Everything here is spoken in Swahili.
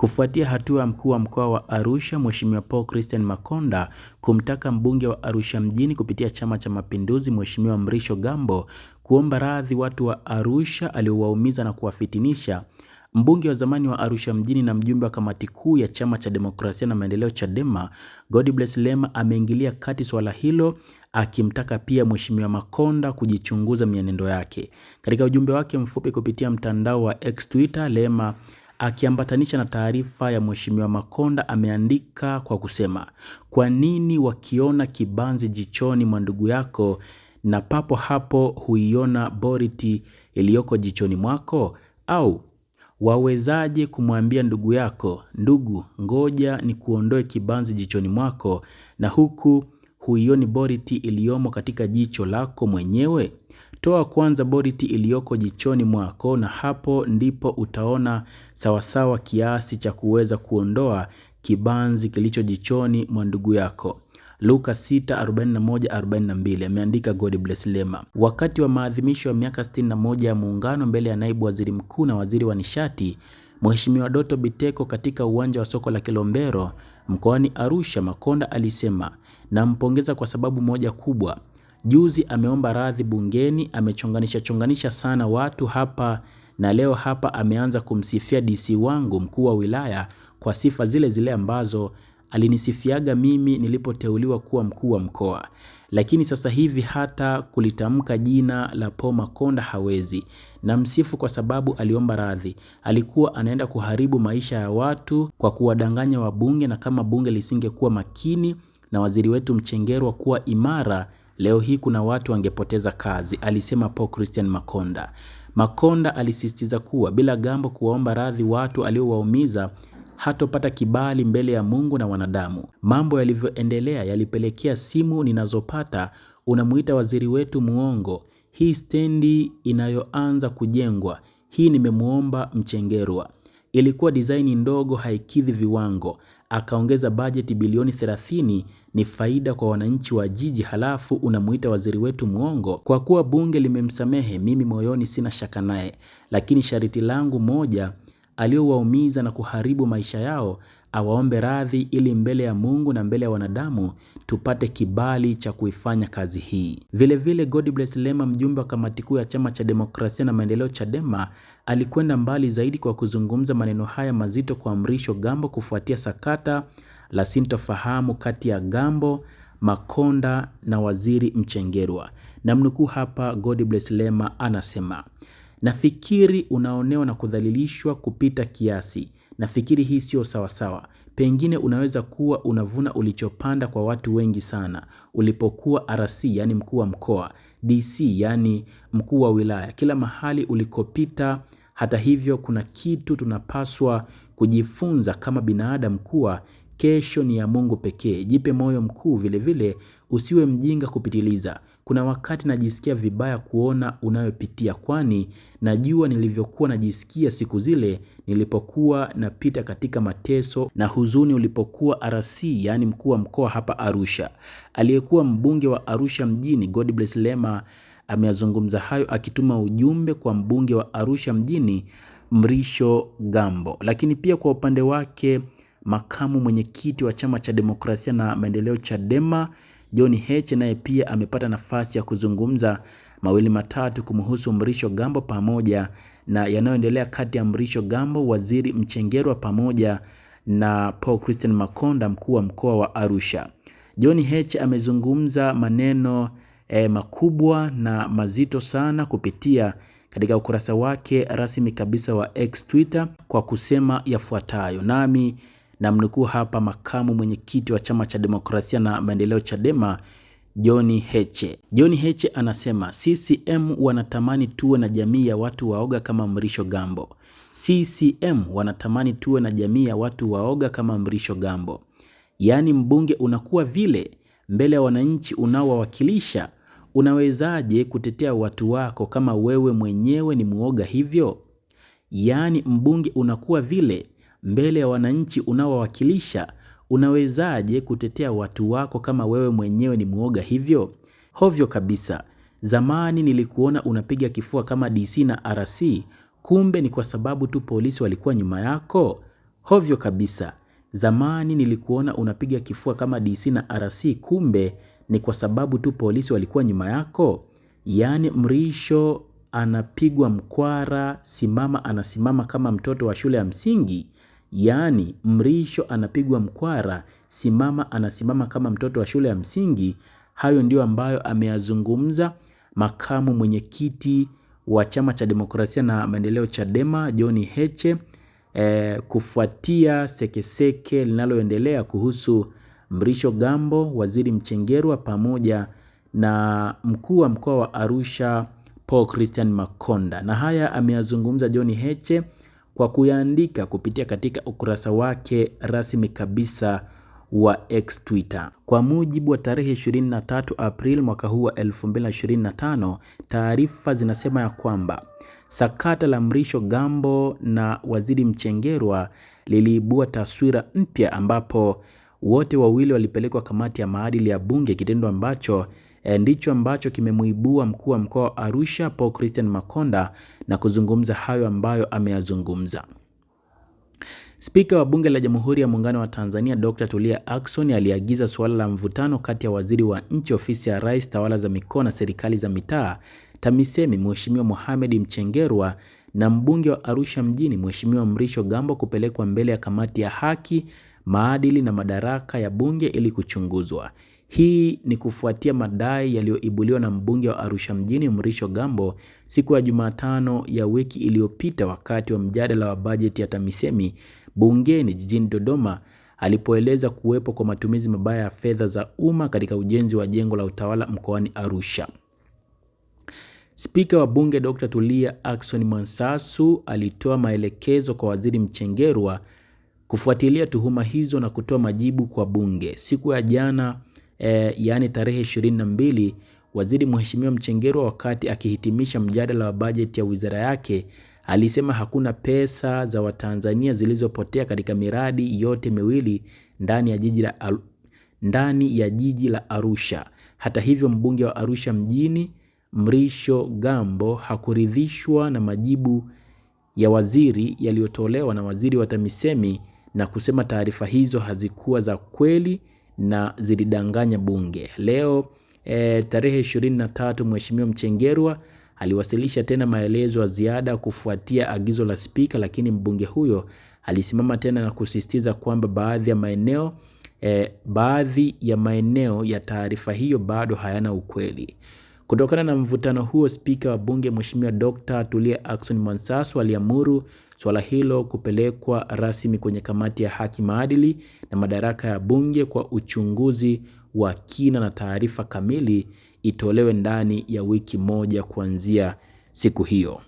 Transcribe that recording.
Kufuatia hatua ya mkuu wa mkoa wa Arusha Mheshimiwa Paul Christian Makonda kumtaka mbunge wa Arusha mjini kupitia Chama cha Mapinduzi Mheshimiwa Mrisho Gambo kuomba radhi watu wa Arusha aliowaumiza na kuwafitinisha, mbunge wa zamani wa Arusha mjini na mjumbe wa kamati kuu ya Chama cha Demokrasia na Maendeleo Chadema Godbless Lema ameingilia kati swala hilo akimtaka pia Mheshimiwa Makonda kujichunguza mienendo yake. Katika ujumbe wake mfupi kupitia mtandao wa X Twitter, Lema akiambatanisha na taarifa ya Mheshimiwa Makonda ameandika kwa kusema, kwa nini wakiona kibanzi jichoni mwa ndugu yako na papo hapo huiona boriti iliyoko jichoni mwako? Au wawezaje kumwambia ndugu yako, ndugu, ngoja ni kuondoe kibanzi jichoni mwako, na huku huioni boriti iliyomo katika jicho lako mwenyewe? Toa kwanza boriti iliyoko jichoni mwako na hapo ndipo utaona sawasawa kiasi cha kuweza kuondoa kibanzi kilicho jichoni mwa ndugu yako. Luka 6:41-42 ameandika bless Lema. Wakati wa maadhimisho ya miaka 61 ya Muungano mbele ya naibu waziri mkuu na waziri wa nishati Mheshimiwa Doto Biteko katika uwanja wa soko la Kilombero mkoani Arusha, Makonda alisema, nampongeza kwa sababu moja kubwa, Juzi ameomba radhi bungeni, amechonganisha chonganisha sana watu hapa na leo hapa ameanza kumsifia DC wangu mkuu wa wilaya kwa sifa zile zile ambazo alinisifiaga mimi nilipoteuliwa kuwa mkuu wa mkoa, lakini sasa hivi hata kulitamka jina la Paul Makonda hawezi. Namsifu kwa sababu aliomba radhi, alikuwa anaenda kuharibu maisha ya watu kwa kuwadanganya wabunge, na kama bunge lisingekuwa makini na waziri wetu Mchengerwa kuwa imara, Leo hii kuna watu wangepoteza kazi, alisema Paul Christian Makonda. Makonda alisisitiza kuwa bila Gambo kuwaomba radhi watu aliowaumiza hatopata kibali mbele ya Mungu na wanadamu. Mambo yalivyoendelea yalipelekea simu ninazopata, unamuita waziri wetu muongo, hii stendi inayoanza kujengwa hii, nimemwomba Mchengerwa. Ilikuwa disaini ndogo haikidhi viwango, akaongeza bajeti bilioni 30 ni faida kwa wananchi wa jiji, halafu unamuita waziri wetu mwongo? Kwa kuwa bunge limemsamehe, mimi moyoni sina shaka naye, lakini shariti langu moja aliowaumiza na kuharibu maisha yao awaombe radhi ili mbele ya Mungu na mbele ya wanadamu tupate kibali cha kuifanya kazi hii. Vilevile Godbless Lema, mjumbe wa kamati kuu ya chama cha demokrasia na maendeleo Chadema, alikwenda mbali zaidi kwa kuzungumza maneno haya mazito kwa Mrisho Gambo kufuatia sakata la sintofahamu kati ya Gambo Makonda na Waziri Mchengerwa. Namnukuu hapa, Godbless Lema anasema Nafikiri unaonewa na kudhalilishwa kupita kiasi. Nafikiri hii sio sawasawa. Pengine unaweza kuwa unavuna ulichopanda kwa watu wengi sana. Ulipokuwa RC yani mkuu wa mkoa, DC yani mkuu wa wilaya, kila mahali ulikopita. Hata hivyo, kuna kitu tunapaswa kujifunza kama binadamu kuwa Kesho ni ya Mungu pekee. Jipe moyo mkuu vilevile vile, usiwe mjinga kupitiliza. Kuna wakati najisikia vibaya kuona unayopitia, kwani najua nilivyokuwa najisikia siku zile nilipokuwa napita katika mateso na huzuni ulipokuwa RC, yaani mkuu wa mkoa hapa Arusha. Aliyekuwa mbunge wa Arusha mjini God bless Lema ameyazungumza hayo akituma ujumbe kwa mbunge wa Arusha mjini Mrisho Gambo. Lakini pia kwa upande wake makamu mwenyekiti wa chama cha demokrasia na maendeleo Chadema John Heche naye pia amepata nafasi ya kuzungumza mawili matatu kumhusu Mrisho Gambo pamoja na yanayoendelea kati ya Mrisho Gambo, waziri Mchengerwa pamoja na Paul Christian Makonda, mkuu wa mkoa wa Arusha. John Heche amezungumza maneno e, makubwa na mazito sana kupitia katika ukurasa wake rasmi kabisa wa X Twitter kwa kusema yafuatayo, nami na mnukuu hapa makamu mwenyekiti wa chama cha demokrasia na maendeleo Chadema John Heche. John Heche anasema CCM wanatamani tuwe na jamii ya watu waoga kama Mrisho Gambo. CCM wanatamani tuwe na jamii ya watu waoga kama Mrisho Gambo. Yaani mbunge unakuwa vile mbele ya wananchi unaowawakilisha, unawezaje kutetea watu wako kama wewe mwenyewe ni mwoga hivyo? Yaani mbunge unakuwa vile mbele ya wananchi unaowawakilisha, unawezaje kutetea watu wako kama wewe mwenyewe ni mwoga hivyo? Hovyo kabisa. Zamani nilikuona unapiga kifua kama DC na RC, kumbe ni kwa sababu tu polisi walikuwa nyuma yako. Hovyo kabisa. Zamani nilikuona unapiga kifua kama DC na RC, kumbe ni kwa sababu tu polisi walikuwa nyuma yako. Yaani Mrisho anapigwa mkwara, Simama anasimama kama mtoto wa shule ya msingi. Yaani mrisho anapigwa mkwara, simama anasimama kama mtoto wa shule ya msingi. Hayo ndiyo ambayo ameyazungumza makamu mwenyekiti wa Chama cha Demokrasia na Maendeleo Chadema John Heche eh, kufuatia sekeseke linaloendelea kuhusu Mrisho Gambo, Waziri Mchengerwa pamoja na mkuu wa mkoa wa Arusha Paul Christian Makonda, na haya ameyazungumza John Heche kwa kuyaandika kupitia katika ukurasa wake rasmi kabisa wa X Twitter. Kwa mujibu wa tarehe 23 Aprili mwaka huu wa 2025, taarifa zinasema ya kwamba sakata la Mrisho Gambo na Waziri Mchengerwa liliibua taswira mpya ambapo wote wawili walipelekwa kamati ya maadili ya bunge, kitendo ambacho e, ndicho ambacho kimemuibua mkuu wa mkoa wa Arusha Paul Christian Makonda na kuzungumza hayo ambayo ameyazungumza. Spika wa Bunge la Jamhuri ya Muungano wa Tanzania Dr. Tulia Ackson aliagiza suala la mvutano kati ya waziri wa nchi ofisi ya Rais, tawala za mikoa na serikali za mitaa TAMISEMI Mheshimiwa Mohamed Mchengerwa na mbunge wa Arusha mjini Mheshimiwa Mrisho Gambo kupelekwa mbele ya kamati ya haki, maadili na madaraka ya bunge ili kuchunguzwa. Hii ni kufuatia madai yaliyoibuliwa na mbunge wa Arusha mjini Mrisho Gambo siku ya Jumatano ya wiki iliyopita wakati wa mjadala wa bajeti ya TAMISEMI bungeni jijini Dodoma alipoeleza kuwepo kwa matumizi mabaya ya fedha za umma katika ujenzi wa jengo la utawala mkoani Arusha. Spika wa Bunge Dr. Tulia Ackson Mwansasu alitoa maelekezo kwa Waziri Mchengerwa kufuatilia tuhuma hizo na kutoa majibu kwa Bunge. Siku ya jana e, yaani tarehe ishirini na mbili waziri Mheshimiwa Mchengerwa wakati akihitimisha mjadala wa bajeti ya wizara yake alisema hakuna pesa za Watanzania zilizopotea katika miradi yote miwili ndani ya jiji la ndani ya jiji la Arusha. Hata hivyo, mbunge wa Arusha mjini Mrisho Gambo hakuridhishwa na majibu ya waziri yaliyotolewa na waziri wa TAMISEMI na kusema taarifa hizo hazikuwa za kweli na zilidanganya bunge. Leo e, tarehe 23 Mheshimiwa Mchengerwa aliwasilisha tena maelezo ya ziada kufuatia agizo la spika, lakini mbunge huyo alisimama tena na kusisitiza kwamba baadhi ya maeneo e, baadhi ya maeneo ya taarifa hiyo bado hayana ukweli. Kutokana na mvutano huo, spika wa bunge Mheshimiwa Dr. Tulia Ackson Mwansasu aliamuru suala hilo kupelekwa rasmi kwenye kamati ya haki, maadili na madaraka ya bunge kwa uchunguzi wa kina na taarifa kamili itolewe ndani ya wiki moja kuanzia siku hiyo.